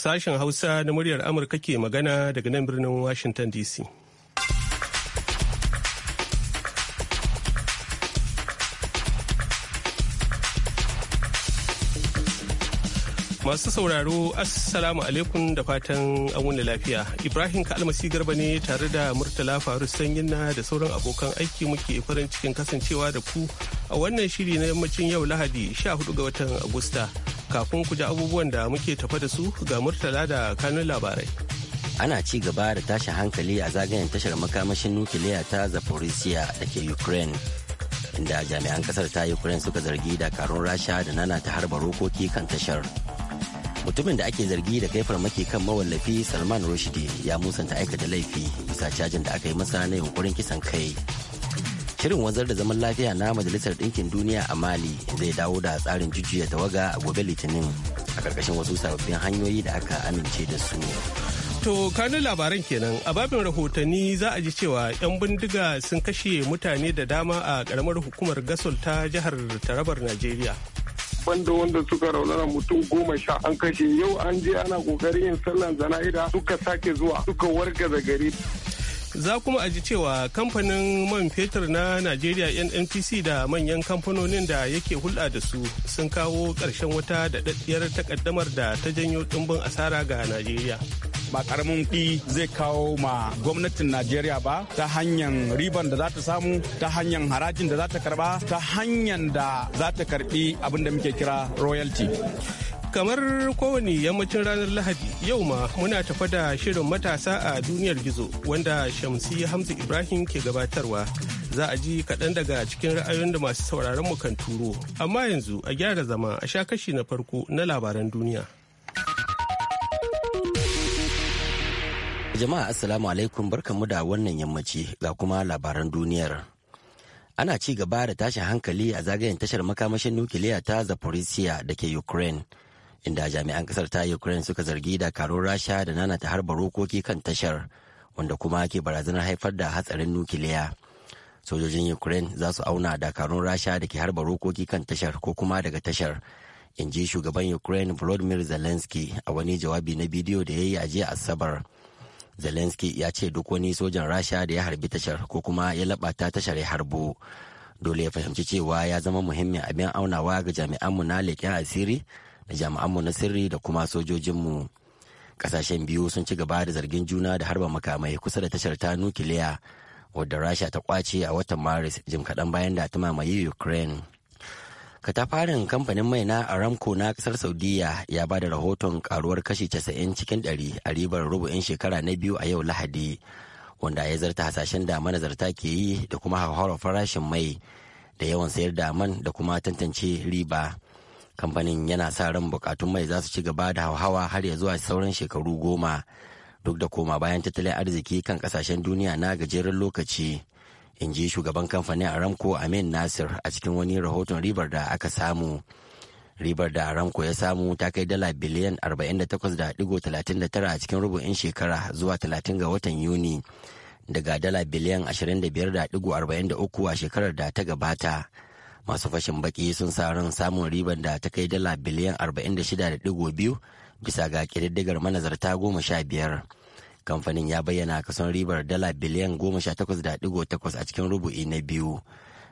Sashen Hausa na muryar Amurka ke magana daga nan birnin Washington DC. Masu sauraro, Assalamu alaikum da fatan an wuni lafiya. Ibrahim Kalmasi Garba ne tare da Murtala Faru Sanyin na da sauran abokan aiki muke farin cikin kasancewa da ku a wannan shiri na yammacin yau Lahadi 14 ga watan Agusta. kafin ku ji abubuwan da muke tafa da su ga murtala da kanun labarai. Ana ci gaba da tashin hankali a zagayen tashar makamashin nukiliya ta Zaporizhia da ke Ukraine. Inda jami'an kasar ta Ukraine suka zargi dakarun Rasha da nana ta harba rokoki kan tashar. mutumin da ake zargi da kai farmaki kan mawallafi salman rushdie ya musanta aikata laifi bisa cajin da aka yi masa na yunkurin kisan kai shirin wanzar da zaman lafiya na majalisar ɗinkin duniya a mali zai dawo da tsarin jujjuya tawaga a gobe litinin a ƙarƙashin wasu sababbin hanyoyi da aka amince da su To kanun labaran kenan a babin rahotanni za a ji cewa 'yan bindiga sun kashe mutane da dama a karamar hukumar gasol ta jihar Tarabar Najeriya. Banda wanda suka raunana mutum goma sha an kashe yau an je ana kokarin yin sallan zana'ida suka sake zuwa suka warga da gari. za kuma a ji cewa kamfanin man fetur na najeriya nnpc da manyan kamfanonin da yake hulɗa da su sun kawo ƙarshen wata daɗaɗɗiyar takaddamar da ta janyo ɗumbin asara ga najeriya ba karamin ɗi zai kawo ma gwamnatin najeriya ba ta hanyar riban da za ta samu ta hanyar harajin da za ta karba ta hanyar da za ta karbi abin da muke kira royalty Kamar kowane yammacin ranar Lahadi yau ma muna tafa da shirin matasa a duniyar gizo wanda Shamsi Hamza Ibrahim ke gabatarwa. Za a ji kaɗan daga cikin ra'ayoyin da masu sauraron mu kan turo. Amma yanzu a gyara zama a sha kashi na farko na labaran duniya. Jama'a Assalamu alaikum barkanmu da wannan yammaci ga kuma labaran duniyar. ana ci gaba da tashin hankali a zagayen tashar makamashin nukiliya ta zaporizhia da ke ukraine inda jami'an kasar ta ukraine suka zargi dakarun rasha da nana ta harba rokoki kan tashar wanda kuma ke barazanar haifar da hatsarin nukiliya sojojin ukraine za su auna dakarun rasha da ke harba rokoki kan tashar ko kuma daga tashar in ji shugaban ukraine volodymyr zelensky a wani jawabi na bidiyo da ya yi a jiya asabar zelensky ya ce duk wani sojan rasha da ya harbi tashar ko kuma ya ta tashar ya harbo dole ya fahimci cewa ya zama muhimmin abin aunawa ga jami'anmu na leƙen asiri jami'anmu na sirri da kuma sojojinmu kasashen biyu sun ci gaba da zargin juna da harba makamai kusa da tashar ta nukiliya wadda rasha ta kwace a watan maris jim kaɗan bayan da ta mamaye ukraine katafarin kamfanin mai na aramco na kasar saudiya ya ba da rahoton karuwar kashi 90 cikin 100 a ribar rubu'in shekara na biyu a yau lahadi wanda ya zarta hasashen da manazarta ke yi da kuma hauhawar farashin mai da yawan sayar da man da kuma tantance riba kamfanin yana sa ran bukatun mai za su ci gaba da hauhawa har ya zuwa sauran shekaru goma duk da koma bayan tattalin arziki kan kasashen duniya na gajeren lokaci in ji shugaban kamfanin aramco amin nasir a cikin wani rahoton ribar da aka samu ribar da aramco ya samu ta kai dala biliyan 48.39 a cikin rubu'in shekara zuwa 30 ga watan yuni daga dala biliyan 25.43 a shekarar da ta gabata. masu fashin baki sun sa ran samun riban da ta kai dala biliyan 46.2 bisa ga ƙididdigar manazarta goma sha biyar kamfanin ya bayyana kason ribar dala biliyan 18.8 a cikin rubu'i na biyu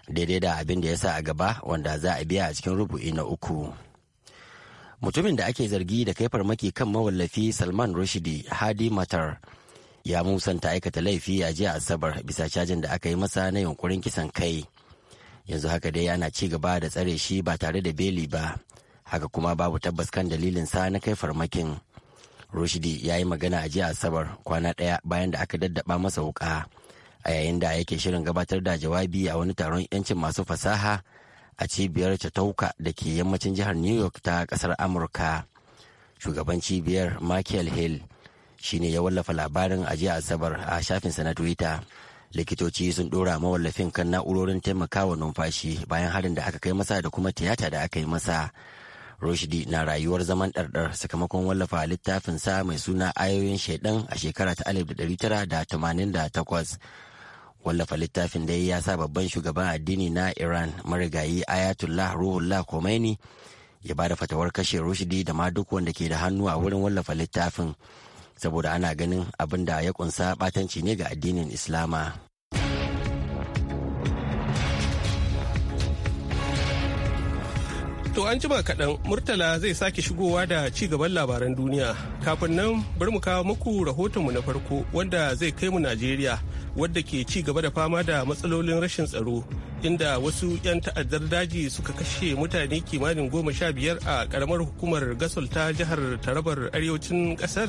daidai da abin da ya sa a gaba wanda za a biya a cikin rubu'i na uku mutumin da ake zargi da kai farmaki kan mawallafi salman rushdi hadi matar ya musanta aikata laifi a jiya asabar bisa cajin da aka yi masa na yunkurin kisan kai yanzu haka dai ana ci gaba da tsare shi ba tare da beli ba haka kuma babu tabbas kan dalilin sa na kai farmakin rushdi ya yi magana a jiya asabar kwana ɗaya bayan da aka daddaba masa wuka a yayin da yake shirin gabatar da jawabi a wani taron 'yancin masu fasaha a cibiyar Chautauqua da ke yammacin jihar New York ta kasar Amurka. Shugaban cibiyar Michael Hill shine ya wallafa labarin a jiya Asabar a shafinsa na Twitter likitoci sun dora mawallafin kan na'urorin taimakawa numfashi bayan harin da aka kai masa da kuma tiyata da aka yi masa Rushdi na rayuwar zaman ɗarɗar sakamakon wallafa littafin sa mai suna ayoyin shaidan a shekara ta alif da da takwas. Wallafa littafin da ya sa babban shugaban addini na Iran marigayi Ayatollah Ruhullah Khomeini ya ba da fatawar kashe Rushdi da ma duk wanda ke da hannu a wurin wallafa littafin. saboda ana ganin abin da ya kunsa batanci ne ga addinin islama to an jima kaɗan murtala zai sake shigowa da ci gaban labaran duniya kafin nan bari mu kawo muku rahotonmu na farko wanda zai kai mu najeriya wadda ke ci gaba da fama da matsalolin rashin tsaro inda wasu 'yan ta'addar daji suka kashe mutane kimanin goma sha biyar a ƙaramar hukumar gasol ta jihar tarabar arewacin kasar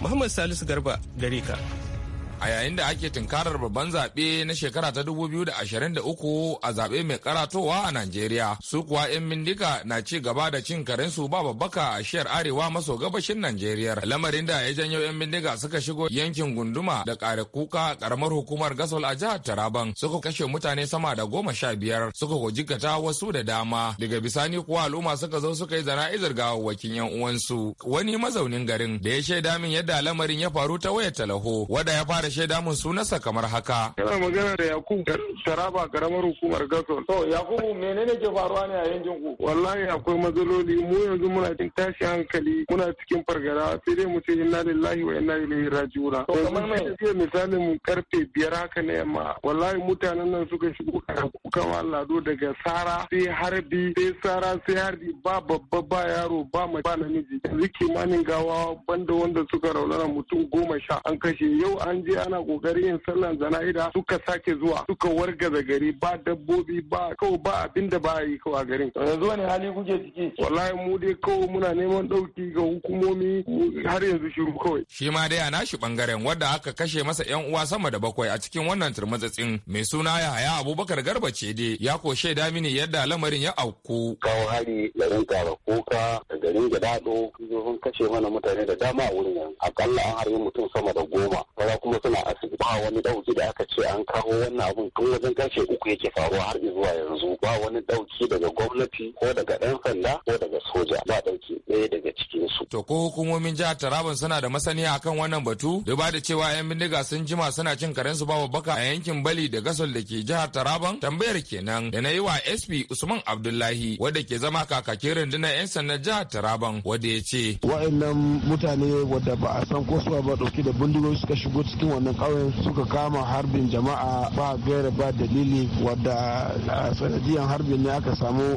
Muhammad Salisu Garba gare ka. a yayin da ake tunkarar babban zaɓe na shekara ta 2023 a zaɓe mai karatowa a Najeriya. Su kuwa 'yan bindiga na ci gaba da cin karensu ba babbaka a shiyar arewa maso gabashin Najeriya. Lamarin da ya janyo 'yan bindiga suka shigo yankin gunduma da ƙare kuka ƙaramar hukumar Gasol a jihar Taraban suka kashe mutane sama da goma sha biyar suka jikata wasu da dama. Daga bisani kuwa al'umma suka zo suka yi zana'izar gawawwakin 'yan uwansu. Wani mazaunin garin da ya shaida min yadda lamarin ya faru ta wayar talaho wadda ya fara ta shaida mun sunansa kamar haka. Yana magana da Yakubu Taraba karamar hukumar Gason. To Yakubu menene ke faruwa ne a yankin ku? Wallahi akwai matsaloli mu yanzu muna cikin tashi hankali muna cikin fargaba sai dai mu ce inna lillahi wa inna ilaihi raji'un. To kamar mai misalin mu karfe biyar haka ne yamma wallahi mutanen nan suka shigo kukan lado daga Sara sai Harbi sai Sara sai Harbi ba babba ba yaro ba mace ba namiji. Yanzu kimanin gawa banda wanda suka raunana mutum goma sha an kashe yau an je ana kokari yin sallan zana'ida suka sake zuwa suka wargaza gari ba dabbobi ba kawo ba abin da ba yi kawo a garin to yanzu wani hali kuke ciki wallahi mu dai ko muna neman ɗauki ga hukumomi har yanzu shiru kawai shi ma dai a nashi bangaren wadda aka kashe masa yan uwa sama da bakwai a cikin wannan turmatsatsin mai suna Yahaya Abubakar Garba ce dai ya ko shaida mini yadda lamarin ya auku kawo hari da kuka da gari garin dado sun kashe mana mutane da dama a wurin akalla an harbi mutum sama da goma kuma suna asibiti ba wani dauki da aka ce an kawo wannan abun tun wajen karfe uku yake faruwa har zuwa yanzu ba wani dauki daga gwamnati ko daga ɗan sanda ko daga soja ba dauki ɗaya daga cikin su. To ko hukumomin jihar Taraban suna da masaniya akan wannan batu ba da cewa 'yan bindiga sun jima suna cin karen su babu baka a yankin Bali da Gasol da ke jihar Taraban tambayar kenan da na yi wa SP Usman Abdullahi wadda ke zama kakakin rundunar 'yan sandan jihar Taraban wadda ya ce. Wa'annan mutane wadda ba a san ko suwa ba dauki da bindigogi suka shigo cikin wannan ƙauyen suka kama harbin jama'a ba gaira ba dalili wadda sanadiyan harbin ne aka samu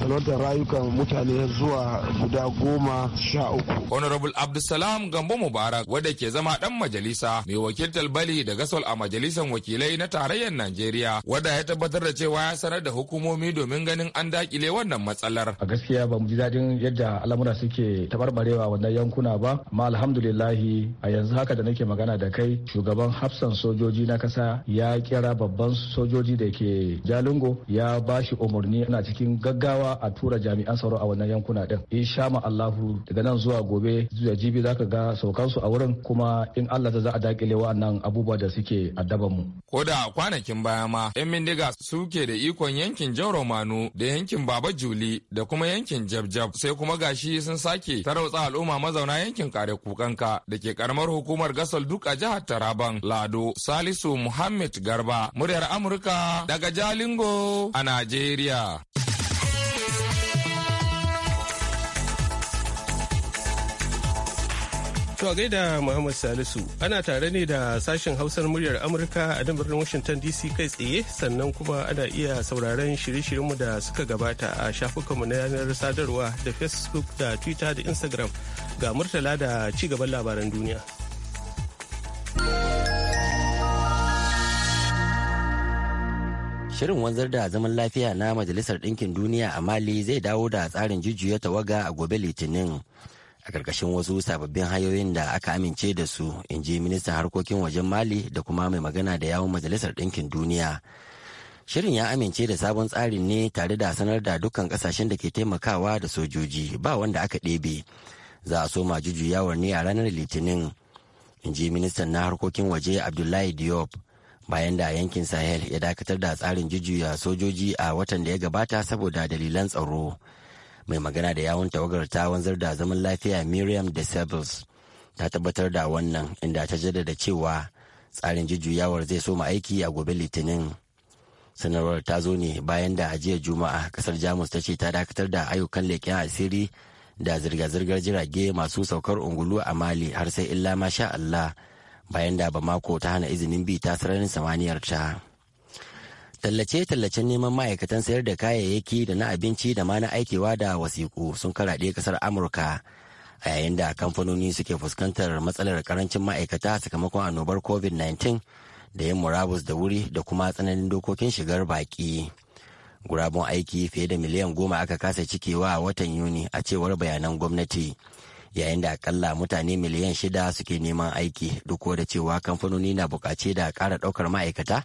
salwantar rayukan mutane zuwa guda goma sha uku. honorable abdulsalam gambo mubarak wadda ke zama dan majalisa mai wakiltar bali da gasol a majalisar wakilai na tarayyar najeriya wadda ya tabbatar da cewa ya sanar da hukumomi domin ganin an dakile wannan matsalar. a gaskiya ba mu ji dadin yadda al'amura suke tabarbarewa wannan yankuna ba amma alhamdulillahi a yanzu haka da nake magana da kai shugaban hafsan sojoji na kasa ya kira babban sojoji da ke jalingo ya ba shi umarni na cikin gaggawa a tura jami'an tsaro a wannan yankuna din insha ma Allahu daga nan zuwa gobe zuwa jibi zaka ga saukansu a wurin kuma in Allah za a dakile wa'annan abubuwa da suke addaban mu ko da kwanakin baya ma yan su suke da ikon yankin Jauro Manu da yankin Baba Juli da kuma yankin Jabjab sai kuma gashi sun sake tarautsa al'umma mazauna yankin Kare Kukanka da ke karamar hukumar gasar duk a jihar tara. Taraban Lado Salisu Muhammad Garba muryar Amurka daga Jalingo a Najeriya. To gaida Muhammad Salisu ana tare ne da sashen hausar muryar Amurka a birnin Washington DC kai tsaye sannan kuma ana iya sauraron shirye-shiryenmu da suka gabata a shafukanmu na yanar sadarwa da Facebook da Twitter da Instagram ga murtala da gaban labaran duniya. Shirin wanzar da zaman lafiya na Majalisar Ɗinkin Duniya a Mali zai dawo da tsarin jujjuya tawaga a gobe Litinin. A ƙarƙashin wasu sababbin hanyoyin da aka amince da su, in ji ministan harkokin wajen Mali da kuma mai magana da yawon Majalisar Ɗinkin Duniya. Shirin ya amince da sabon tsarin ne tare da sanar da dukkan ƙasashen da ke taimakawa da sojoji ba wanda aka ɗebe. Za a soma jujjuyawar ne a ranar Litinin. in ji ministan na harkokin waje abdullahi diop bayan da yankin sahel ya dakatar da tsarin jujjuya sojoji a watan da ya gabata saboda dalilan tsaro mai magana da yawon tawagar ta wanzar da zaman lafiya miriam de Sables ta tabbatar da wannan inda ta jaddada cewa tsarin jujjuyawar zai soma aiki a gobe litinin sanarwar ta zo ne bayan da a jiya juma'a kasar jamus ta ce ta dakatar da ayyukan leƙen asiri da zirga-zirgar jirage masu saukar ungulu a mali har sai illa masha allah bayan da mako ta hana izinin bi ta sararin samaniyar ta tallace-tallacen neman ma'aikatan sayar da kayayyaki da na abinci da ma na aikewa da wasiƙu sun karaɗe ƙasar amurka a yayin da kamfanoni suke fuskantar matsalar karancin ma'aikata sakamakon annobar covid-19 da yin murabus da wuri da kuma tsananin dokokin shigar baƙi. Gurabon aiki fiye da miliyan goma aka kasa cikewa a watan yuni a cewar bayanan gwamnati yayin da akalla mutane miliyan shida suke neman aiki duk da cewa kamfanoni na bukace da kara ɗaukar ma'aikata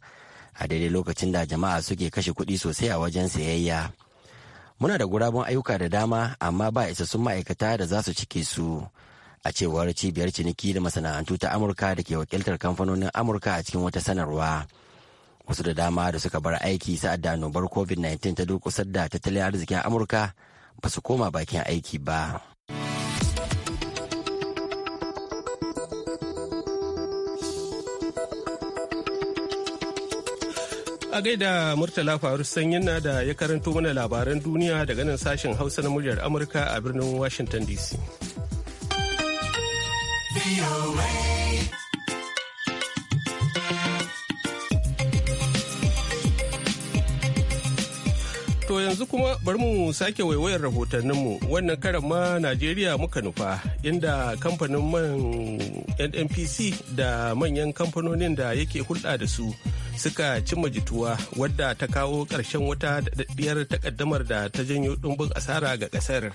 a daidai lokacin da jama'a suke kashe kuɗi sosai a wajen sayayya muna da gurabun ayyuka da dama amma ba isassun ma'aikata da za su cike su a cewar cibiyar ciniki da masana'antu ta amurka da ke wakiltar kamfanonin amurka a cikin wata sanarwa. wasu da dama da suka bar aiki sa'ad da annobar covid-19 ta duk durkusar da tattalin arzikin amurka ba su koma bakin aiki ba a gaida murtala faru sanyin na da ya karanto mana labaran duniya daga nan sashen hausa na muryar amurka a birnin washington dc yanzu kuma bari mu sake waiwayar rahotanninmu wannan karan ma najeriya muka nufa inda kamfanin man nnpc da manyan kamfanonin da yake hulɗa da su suka cimma jituwa wadda ta kawo ƙarshen wata daɗaɗɗiyar takaddamar da ta janyo ɗumbin asara ga ƙasar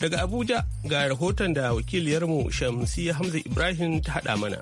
daga abuja ga rahoton da wakiliyarmu shamsi hamza ibrahim ta haɗa mana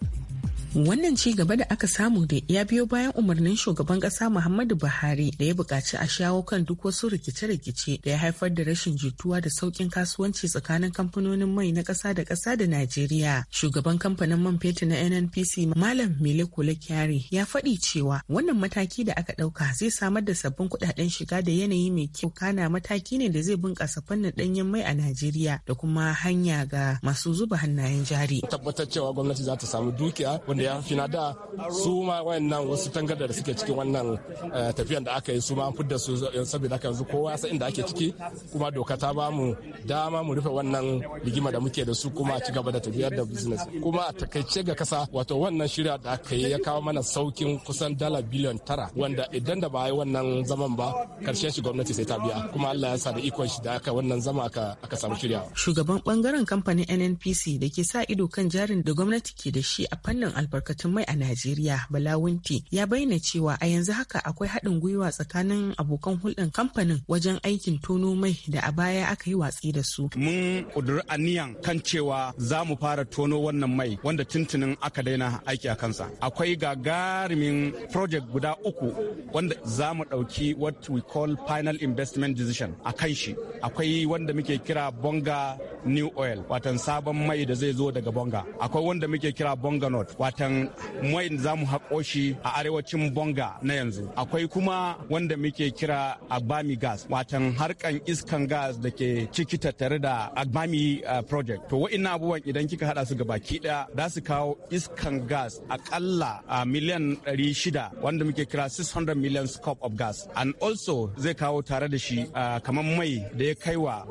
Wannan ci gaba da aka samu da ya biyo bayan umarnin shugaban kasa Muhammadu Buhari da ya buƙaci a shawo kan duk wasu rikice-rikice da ya haifar da rashin jituwa da sauƙin kasuwanci tsakanin kamfanonin mai na ƙasa da ƙasa da Najeriya. Shugaban kamfanin man fetur na NNPC Malam Mele Kule Kyari ya faɗi cewa wannan mataki da aka ɗauka zai samar da sabbin kuɗaɗen shiga da yanayi mai kyau kana mataki ne da zai bunƙasa fannin ɗanyen mai a Najeriya da kuma hanya ga masu zuba hannayen jari. Tabbatar cewa gwamnati za ta samu dukiya ya shi da su ma wayannan wasu tangarda da suke cikin wannan eh, tafiyan da aka yi su ma an fidda su eh, saboda haka yanzu kowa sai inda ake ciki kuma doka ta ba mu dama mu rufe wannan rigima da muke da su kuma a ci gaba da tafiyar da business kuma a takaice ga kasa wato wannan shirya da aka yi ya kawo mana saukin kusan dala biliyan tara wanda idan da ba yi wannan zaman ba karshen shi gwamnati sai ta biya kuma Allah ya sa da ikon shi da aka wannan zama aka aka samu shirya shugaban bangaren kamfanin NNPC da ke sa ido kan jarin da gwamnati ke da shi a fannin albarkatun mai a Najeriya Balawunti ya bayyana cewa a yanzu haka akwai haɗin gwiwa tsakanin abokan hulɗar kamfanin wajen aikin tono mai da a baya aka yi watsi da su. Mun ƙudiri aniyan kan cewa za mu fara tono wannan mai wanda tuntunin aka daina aiki a kansa. Akwai gagarumin project guda uku wanda za mu ɗauki what we call final investment decision a kan shi. Akwai wanda muke kira bonga new oil watan sabon mai da zai zo daga bonga. Akwai wanda muke kira bonga north ma'aikatan mai za mu haƙo shi a arewacin bonga na yanzu akwai kuma wanda muke kira agbami gas watan harkan iskan gas da ke ciki tattare da agbami uh, project to n'a abubuwan idan kika hada su gaba kiɗa za su kawo iskan gas akalla a uh, miliyan 600 wanda muke kira 600 million scope of gas and also zai kawo tare da shi uh, kamar mai da ya kai wa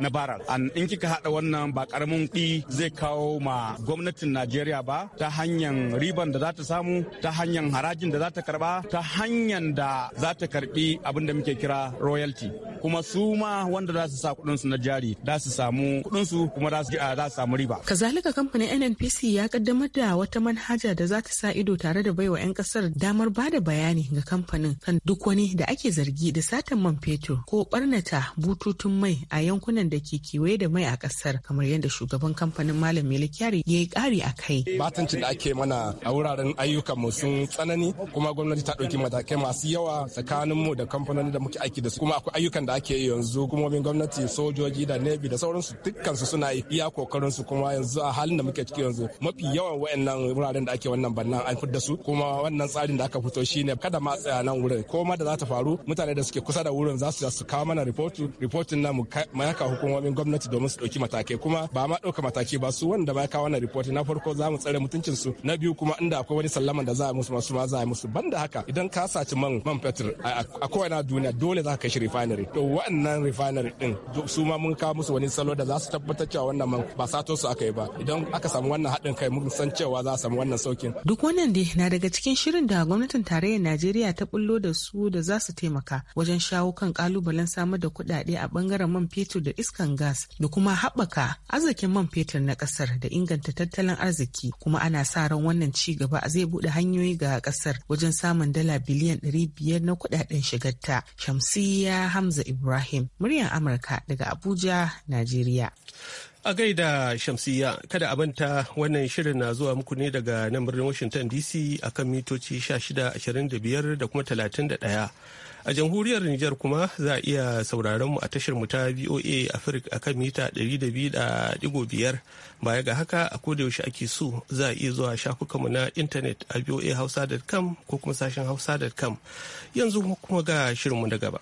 na baral and in kika hada wannan ba karamin ɗi zai kawo ma gwamnatin najeriya ba ta hanyar riban da za ta samu ta hanyar harajin da za ta karba ta hanyar da za ta karbi abin da muke kira royalty kuma su ma wanda za su sa kudinsu na jari za su samu kudinsu kuma za su samu riba. Kazalika kamfanin NNPC ya kaddamar da wata manhaja da za ta sa ido tare da baiwa 'yan kasar damar ba da bayani ga kamfanin kan duk wani da ake zargi da satan man fetur ko barnata bututun mai a yankunan da ke kewaye da mai a kasar kamar yadda shugaban kamfanin malam Melikiyari ya yi kari a kai. ta'addancin da ake mana a wuraren mu sun tsanani kuma gwamnati ta ɗauki matakai masu yawa tsakanin mu da kamfanoni da muke aiki da su kuma akwai ayyukan da ake yi yanzu hukumomin gwamnati sojoji da nebi da sauransu dukkansu suna iya kokarin su kuma yanzu a halin da muke ciki yanzu mafi yawan wayannan wuraren da ake wannan bannan an da su kuma wannan tsarin da aka fito shine kada ma tsaya nan wurin ko ma da za ta faru mutane da suke kusa da wurin za su su kawo mana ripotu ripotin na mu yaka hukumomin gwamnati domin su ɗauki matakai kuma ba ma ɗauka matakai ba su wanda ma ya kawo wannan report na farko za mu tsare mutum mutuncin su na biyu kuma inda akwai wani sallama da za a musu masu ma za a musu banda haka idan ka saci man man fetur a kowane duniya dole za ka kai shi refinery to wannan refinery din su ma mun kawo musu wani salo da za su tabbatar cewa wannan man ba sato su aka yi ba idan aka samu wannan haɗin kai mun san cewa za a samu wannan saukin duk wannan dai na daga cikin shirin da gwamnatin tarayyar Najeriya ta bullo da su da za su taimaka wajen shawo kan kalubalen samar da kuɗaɗe a bangaren man fetur da iskan gas da kuma haɓaka arzikin man fetur na kasar da inganta tattalin arziki kuma ana sa ran wannan ci gaba zai bude hanyoyi ga kasar wajen samun dala biliyan 500 na kudaden shigarta shamsiya hamza ibrahim muryar amurka daga abuja najeriya a gaida shamsiya kada a banta wannan shirin na zuwa muku ne daga nan birnin washington dc akan mitoci 25 da kuma 31 A jamhuriyar Nijar kuma za a iya sauraron mu a tashar mu ta VOA Africa akan mita 200.5 baya ga haka a koda yaushe ake so za a iya zuwa shafukanmu na intanet a voahausa.com ko kuma sashen hausa.com yanzu kuma ga shirinmu na gaba.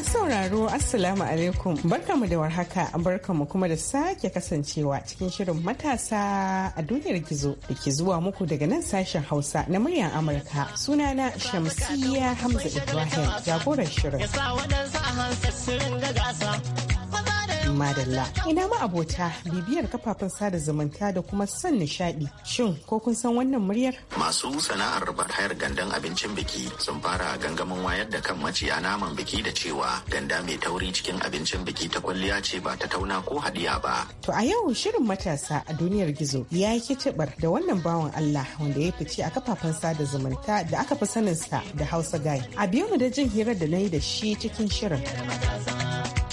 Masu sauraro Assalamu alaikum barkamu da warhaka barkamu kuma da sake kasancewa cikin shirin matasa a duniyar gizo da ke zuwa muku daga nan sashen Hausa na muryar Amurka. Sunana Shamsiyya Hamza Ibrahim jagorar shirin. madalla ina ma abota bibiyar kafafen sada zumunta da kuma son nishadi shin ko kun san wannan muryar masu sana'ar rabar hayar gandan abincin biki sun fara gangamin wayar da kan mace a naman biki da cewa ganda mai tauri cikin abincin biki ta kwalliya ce ba ta tauna ko hadiya ba to a yau shirin matasa a duniyar gizo ya yi kicibar da wannan bawan Allah wanda ya fice a kafafen sada zumunta da aka fi saninsa da Hausa Guy a biyo mu da jin hirar da na yi da shi cikin shirin.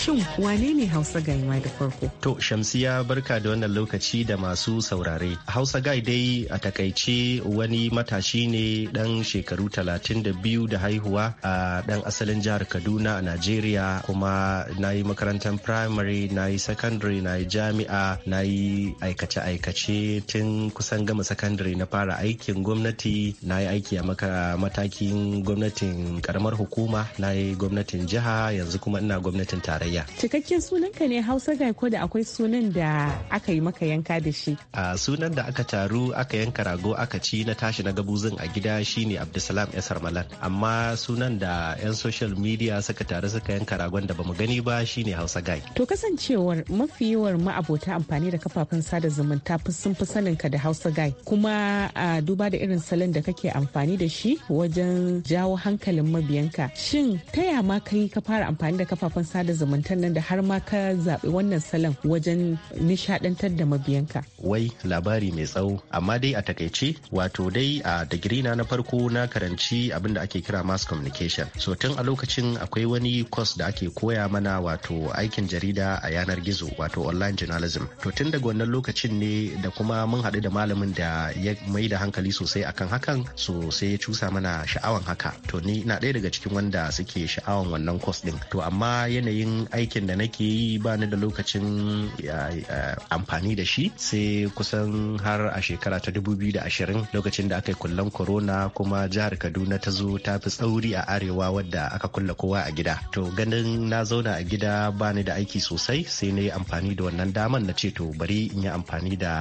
Shin wane ne Hausa ma da farko? To Shamsiya barka da wannan lokaci da masu saurare. Hausa Gai dai a takaice wani matashi ne dan shekaru 32 da haihuwa a dan asalin jihar Kaduna a Najeriya kuma na yi makarantar primary, na yi secondary, na yi jami'a, na yi aikace-aikace tun kusan gama secondary na fara aikin gwamnati, na yi aiki a matakin gwamnatin karamar hukuma, na yi gwamnatin jiha yanzu kuma ina gwamnatin tarayya. Najeriya. Cikakken sunanka ne Hausa Guy ko da akwai sunan da aka yi maka yanka da shi? A sunan da aka taru aka yanka rago aka ci na tashi na gabuzin a gida shine Abdulsalam Esar Malan. Amma sunan da 'yan social media suka taru suka yanka ragon da bamu gani ba shine Hausa Guy. To kasancewar mafi yawan ma'abota amfani da kafafen sada zumunta sun fi sanin ka da Hausa Guy kuma a duba da irin salon da kake amfani da shi wajen jawo hankalin mabiyanka. Shin ta ma kai ka fara amfani da kafafen sada zumunta makamantan nan da har ma ka zaɓi wannan salon wajen nishadantar da mabiyanka. Wai labari mai tsawo amma dai a takaice wato dai a digiri na farko na karanci abin da ake kira mass communication. So tun a lokacin akwai wani kwas da ake koya mana wato aikin jarida a yanar gizo wato online journalism. To tun daga wannan lokacin ne da kuma mun haɗu da malamin da ya mai da hankali sosai akan hakan so sai ya cusa mana sha'awan haka. To ni na ɗaya daga cikin wanda suke sha'awan wannan kwas ɗin. To amma yanayin aikin da nake yi ba ni da lokacin amfani da shi sai kusan har a shekara ta 2020 lokacin da aka yi kullen corona kuma jihar kaduna ta zo ta fi tsauri a arewa wadda aka kulla kowa a gida to ganin na zauna a gida ba ni da aiki sosai sai na yi amfani da wannan daman na ce to bari in yi amfani da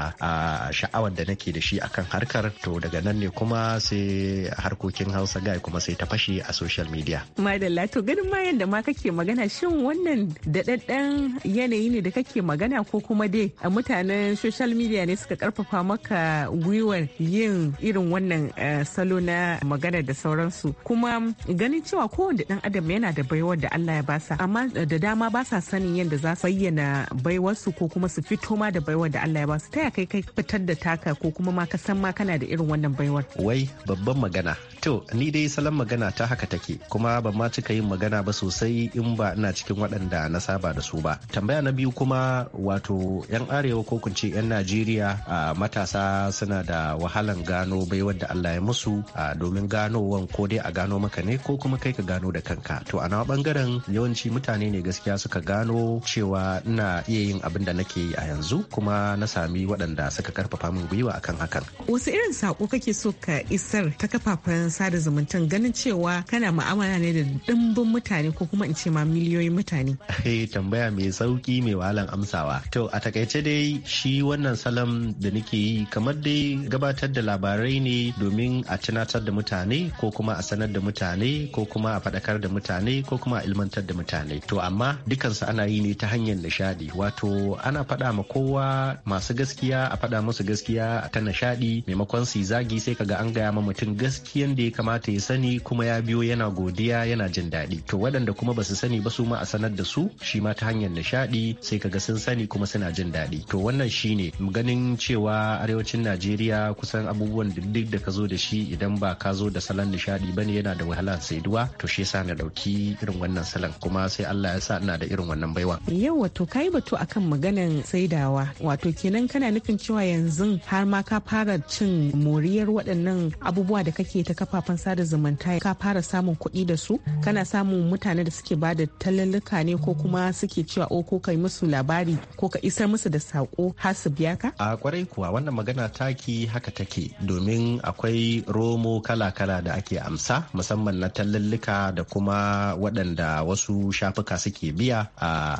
sha'awar da nake da shi akan harkar to daga nan ne kuma sai harkokin hausa gai kuma sai ta fashe a social media madalla to ganin ma yadda ma kake magana shin wannan da daɗaɗɗen yanayi ne da kake magana ko kuma dai a mutanen social media ne suka karfafa maka gwiwar yin irin wannan eh, salo na magana da sauransu kuma ganin cewa kowanne ɗan adam yana da baiwar da Allah ya basa amma da dama ba sa sanin yadda za su bayyana baiwarsu ko kuma su fito ma da baiwar da Allah ya basu ta kai kai fitar da taka ko kuma ma ka san ma kana da irin wannan baiwar wai babban magana to ni dai salon magana ta haka take kuma ban ma cika yin magana ba sosai in ba ina cikin waɗannan da na saba da su ba tambaya na biyu kuma wato 'yan arewa ko kunce 'yan najeriya a matasa suna da wahalan gano bai wadda allah ya musu a domin ganowan ko dai a gano maka ne ko kuma kai ka gano da kanka to a nawa bangaren yawanci mutane ne gaskiya suka gano cewa ina iya yin abin da nake yi a yanzu kuma na sami waɗanda suka karfafa min gwiwa akan hakan wasu irin sako kake so ka isar ta kafafen sada zumuntan ganin cewa kana ma'amala ne da dimbin mutane ko kuma in ce ma miliyoyin mutane Eh, tambaya mai sauki mai wahalan amsawa. To a takaice dai shi wannan salam da nake yi kamar dai gabatar da labarai ne domin a tunatar da mutane ko kuma a sanar da mutane ko kuma a faɗakar da mutane ko kuma a ilmantar da mutane. To amma dukansu ana yi ne ta hanyar nishaɗi wato ana faɗa ma kowa masu gaskiya a faɗa musu gaskiya ta nishaɗi maimakon su zagi sai kaga an gaya ma mutum gaskiyan da ya kamata ya sani kuma ya biyo yana godiya yana jin daɗi. To waɗanda kuma ba su sani ba su ma a sanar da su shi ma ta hanyar nishadi sai kaga sun sani kuma suna jin daɗi to wannan shine ganin cewa arewacin najeriya kusan abubuwan duk da ka zo da shi idan ba ka zo da salon nishaɗi ne yana da wahala saiduwa to shi yasa na dauki irin wannan salon kuma sai allah ya sa ina da irin wannan baiwa yau wato kai batu akan maganan saidawa wato kenan kana nufin cewa yanzu har ma ka fara cin moriyar waɗannan abubuwa da kake ta kafafen sada zumunta ka fara samun kuɗi da su kana samun mutane da suke ba da talalluka ne ko kuma suke cewa o oh, ko kai musu labari ko ka isar musu da sako har su biya ka? A kwarai kuwa wannan magana taki haka take domin akwai romo kala-kala da ake amsa musamman na tallallika da kuma waɗanda wasu shafuka suke biya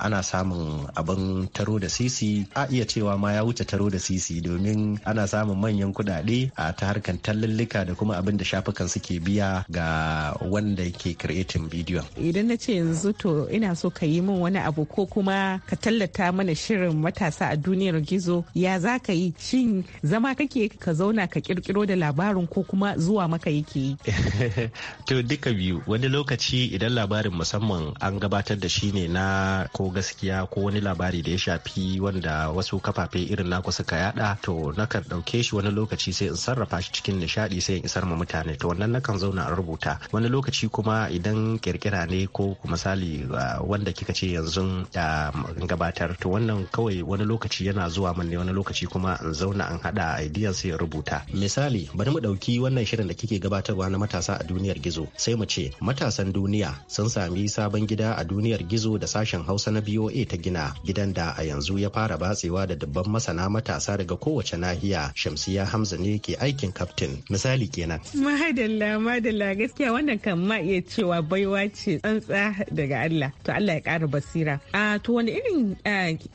ana samun abin taro da sisi a iya cewa ma ya wuce taro da sisi domin ana samun manyan kuɗaɗe a ta harkar tallallika da kuma abin da shafukan suke biya ga wanda yake creating bidiyon. Idan na ce yanzu to ina so ka ka yi min wani abu ko kuma ka tallata mana shirin matasa a duniyar gizo ya za ka yi shin zama kake ka zauna ka kirkiro da labarin ko kuma zuwa maka yake yi to duka biyu wani lokaci idan labarin musamman an gabatar da shi ne na ko gaskiya ko wani labari da ya shafi wanda wasu kafafe irin naku suka yada to nakan dauke shi wani lokaci sai in sarrafa shi cikin nishadi sai in isar ma mutane to wannan nakan zauna a rubuta wani lokaci kuma idan kirkira ne ko misali ah, wanda kika ce yanzu da um, gabatar to wannan kawai wani lokaci yana zuwa min ne wani lokaci kuma in zauna an hada idea sai rubuta misali bari mu dauki wannan shirin da kike gabatarwa na matasa a duniyar gizo sai mu ce matasan duniya sun sami sabon gida a duniyar gizo da sashen Hausa na BOA ta gina gidan da a yanzu ya fara batsewa da dubban masana matasa daga kowace nahiya Shamsiya Hamza ne ke aikin kaftin misali kenan madalla madalla gaskiya wannan kan ma iya cewa baiwa ce tsantsa daga Allah to Allah ya ƙara basira. A to wani irin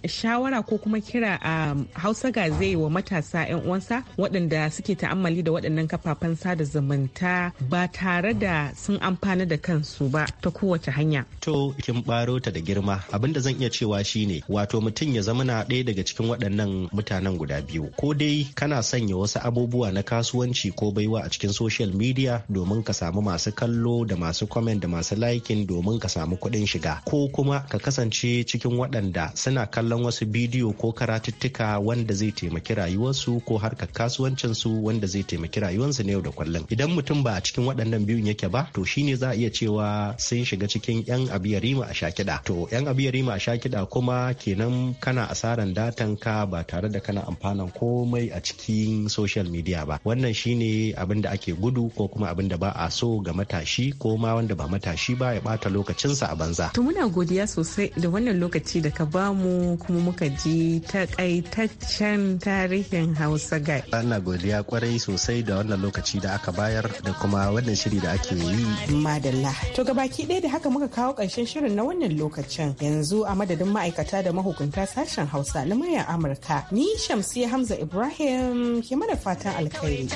shawara ko kuma kira a Hausa ga zai wa matasa 'yan uwansa waɗanda suke ta'ammali da waɗannan kafafen sada zumunta ba tare da sun amfana da kansu ba ta kowace hanya. To kin baro ta da girma abinda zan iya cewa shine wato mutum ya zama na ɗaya daga cikin waɗannan mutanen guda biyu ko dai kana sanya wasu abubuwa na kasuwanci ko baiwa a cikin social media domin ka samu masu kallo da masu comment da masu liking domin ka samu kuɗin shiga ko kuma ka kasance cikin waɗanda suna kallon wasu bidiyo ko karatuttuka wanda zai taimaki rayuwarsu ko harkar kasuwancinsu wanda zai taimaki rayuwarsu na yau da kullum idan mutum ba a cikin waɗannan biyun yake ba to shine za a iya cewa sun shiga cikin yan abiyarima a shakida to yan abiyarima a shakida kuma kenan kana asaran datan ka ba tare da kana amfanan komai a cikin social media ba wannan shine abin da ake gudu ko kuma abin da ba a so ga matashi ko ma wanda ba matashi ba ya bata lokacinsa a banza to godiya sosai da wannan lokaci da ka ba mu kuma muka ji takaitaccen tarihin Hausa gai. Ana godiya kwarai sosai da wannan lokaci da aka bayar da kuma wannan shiri da ake yi. Madalla. To gabaki ɗaya da haka muka kawo ƙarshen shirin na wannan lokacin. Yanzu a madadin ma'aikata da mahukunta sashen Hausa na mayan Amurka. Ni Shamsiya Hamza Ibrahim ke mana fatan alkhairi.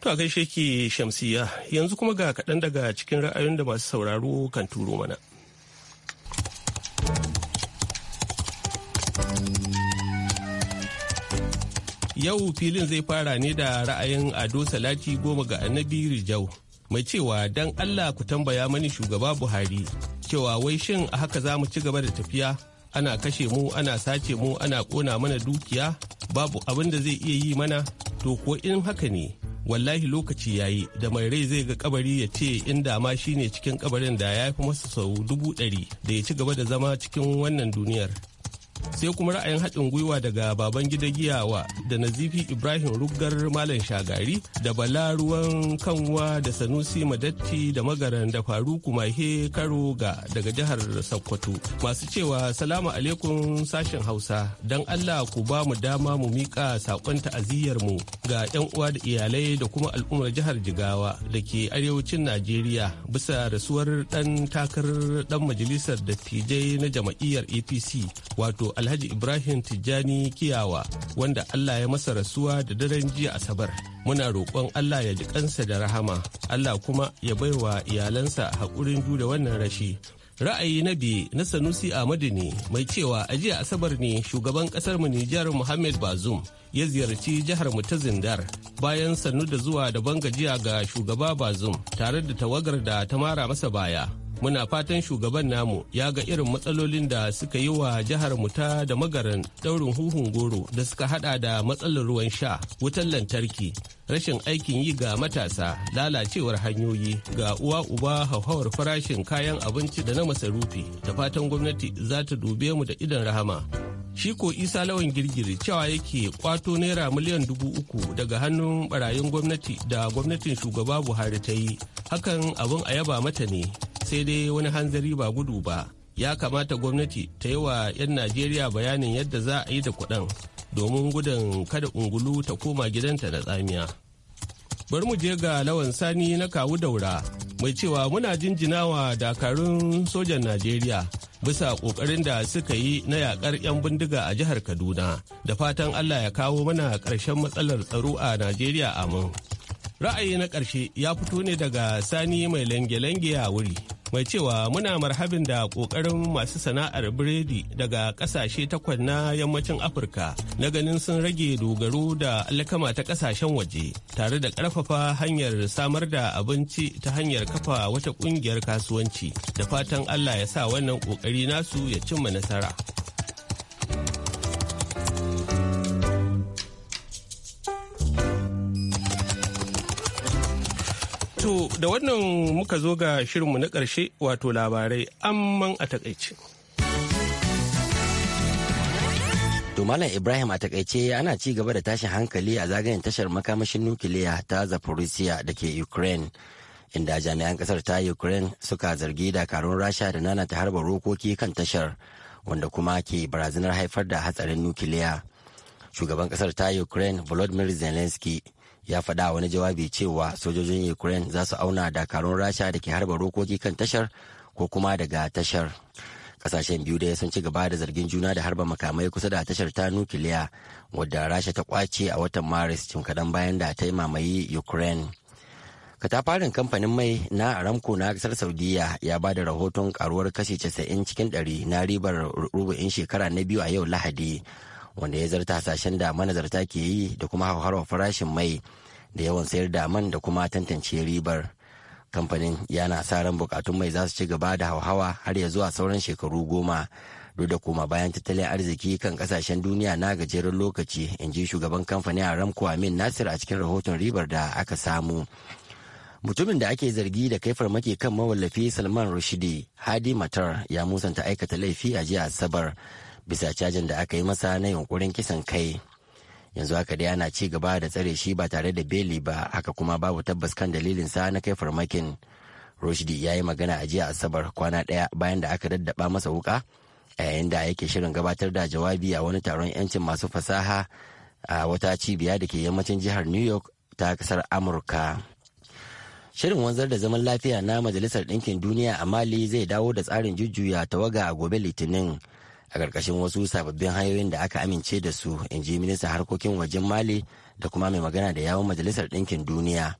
To a gaishe Shamsiya yanzu kuma ga kaɗan daga cikin ra'ayoyin da masu sauraro kan turo mana. Yau filin zai fara ne da ra'ayin Ado Salati goma ga Annabi Rijau mai cewa don Allah ku tambaya mani shugaba Buhari cewa wai shin a haka za mu ci gaba da tafiya ana kashe mu ana sace mu ana kona mana dukiya babu abin da zai iya yi mana to ko in haka ne wallahi lokaci ya yi da mai rai zai ga kabari ya ce inda ma shine cikin kabarin da ya fi masa sau dubu ɗari da ya ci gaba da zama cikin wannan duniyar sai kuma ra'ayin haɗin gwiwa daga baban gida giyawa da nazifi ibrahim ruggar malam shagari da bala ruwan kanwa da sanusi madatti da magaran da faruku karo ga daga jihar sokoto masu cewa salamu alaikum sashen hausa don allah ku ba mu dama mu miƙa saƙon ta'aziyyar mu ga 'yan uwa da iyalai da kuma al'ummar jihar jigawa da ke arewacin najeriya bisa rasuwar dan takarar ɗan majalisar dattijai na jama'iyyar apc wato Alhaji Ibrahim Tijjani Kiyawa wanda Allah ya masa rasuwa da daren jiya Asabar. Muna roƙon Allah ya ji kansa da rahama, Allah kuma ya baiwa iyalansa haƙurin jure wannan rashi. Ra'ayi na biye na Sanusi Ahmadu ne mai cewa a jiya Asabar ne shugaban ƙasar mu Nijar Muhammad Bazum ya ziyarci jihar mu ta Zindar bayan sannu da zuwa daban gajiya ga shugaba Bazum tare da tawagar da ta mara masa baya. muna fatan shugaban namu ya ga irin matsalolin da suka yi wa jihar muta da magaran daurin huhun goro da suka hada da matsalar ruwan sha wutar lantarki rashin aikin yi ga matasa lalacewar hanyoyi ga uwa uba hauhawar farashin kayan abinci da na masarufi da fatan gwamnati za ta dube mu da idan rahama shi ko isa lawan girgiri cewa yake kwato naira miliyan dubu uku daga hannun barayin gwamnati da gwamnatin shugaba buhari ta yi hakan abin a yaba mata ne sai dai wani hanzari ba gudu ba ya kamata gwamnati ta yi wa 'yan najeriya bayanin yadda za a yi da kuɗan, domin gudan kada ungulu ta koma gidanta da tsamiya Bar mu je ga lawan sani na kawu daura mai cewa muna jinjinawa dakarun sojan najeriya bisa ƙoƙarin da suka yi na yaƙar 'yan bindiga a jihar Kaduna da fatan Allah ya kawo mana ƙarshen matsalar tsaro a Najeriya amin. Ra'ayi na ƙarshe ya fito ne daga Sani mai lange-lange a wuri. mai cewa muna marhabin da ƙoƙarin masu sana'ar biredi daga ƙasashe takwas na yammacin afirka na ganin sun rage dogaro da alkama ta ƙasashen waje tare da ƙarfafa hanyar samar da abinci ta hanyar kafa wata ƙungiyar kasuwanci da fatan allah ya sa wannan ƙoƙari nasu ya cimma nasara To da wannan muka zo ga shirinmu na ƙarshe wato labarai amman a takaice. To Malam Ibrahim a takaice ana ci gaba da tashin hankali a zagayen tashar makamashin nukiliya ta Zaporizhia da ke Ukraine. Inda jami'an kasar ta Ukraine suka zargi dakarun Rasha da nana ta harba rokoki kan tashar wanda kuma ke barazanar haifar da hatsarin nukiliya. Shugaban kasar ta Ukraine Volodymyr Zelensky ya faɗa wani jawabi cewa sojojin ukraine za su auna dakarun rasha da ke harba rokoki kan tashar ko kuma daga tashar kasashen biyu ya sun ci gaba da zargin juna da harba makamai kusa da tashar ta nukiliya wadda rasha ta kwace a watan maris jim kaɗan bayan da ta yi mamayi ukraine katafarin kamfanin mai na aramco na kasar saudiya ya ba da rahoton karuwar kashi 90 cikin 100 na ribar rubu'in shekara na biyu a yau lahadi wanda ya zarta hasashen da manazarta ke yi da kuma hauhawar farashin mai da yawan sayar da man da kuma tantance ribar kamfanin yana sa ran bukatun mai za su ci gaba da hauhawa har ya zuwa sauran shekaru goma duk da kuma bayan tattalin arziki kan kasashen duniya na gajeren lokaci in ji shugaban kamfanin ramko amin nasir a cikin rahoton ribar da aka samu mutumin da ake zargi da kai farmaki kan mawallafi salman rushidi hadi matar ya musanta aikata laifi a jiya asabar bisa cajin da aka yi masa na yunkurin kisan kai yanzu haka dai ana ci gaba da tsare shi ba tare da beli ba haka kuma babu tabbas kan dalilin sa na kai farmakin rushdi ya yi magana a jiya asabar kwana ɗaya bayan da aka daddaba masa wuka a yayin da yake shirin gabatar da jawabi a wani taron 'yancin masu fasaha a wata cibiya da ke yammacin jihar new york ta kasar amurka shirin wanzar da zaman lafiya na majalisar ɗinkin duniya a mali zai dawo da tsarin jujjuya tawaga a gobe litinin a ƙarƙashin wasu sababbin hanyoyin da aka amince da su in ji ministan harkokin wajen mali da kuma mai magana da yawon majalisar ɗinkin duniya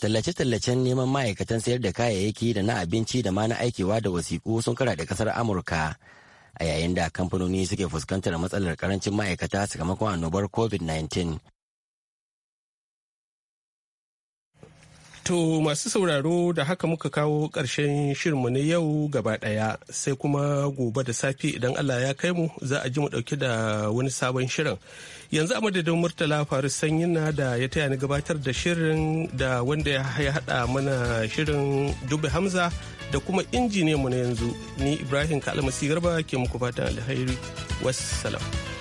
tallace-tallacen neman ma'aikatan sayar da kayayyaki da na abinci da ma na aikewa da wasiƙu sun kara da ƙasar amurka a yayin da kamfanoni suke fuskantar matsalar karancin ma'aikata sakamakon annobar covid-19 To masu sauraro da haka muka kawo ƙarshen shirinmu na yau gaba ɗaya sai kuma gobe da safe idan Allah ya kai mu za a ji mu ɗauki da wani sabon shirin. Yanzu a madadin Murtala sanyi na da ya taya ni gabatar da shirin da wanda ya haɗa mana shirin dubi Hamza da kuma injiniyanmu na yanzu ni Ibrahim Kalmasi Garba ke muku fatan alheri. Wassalam.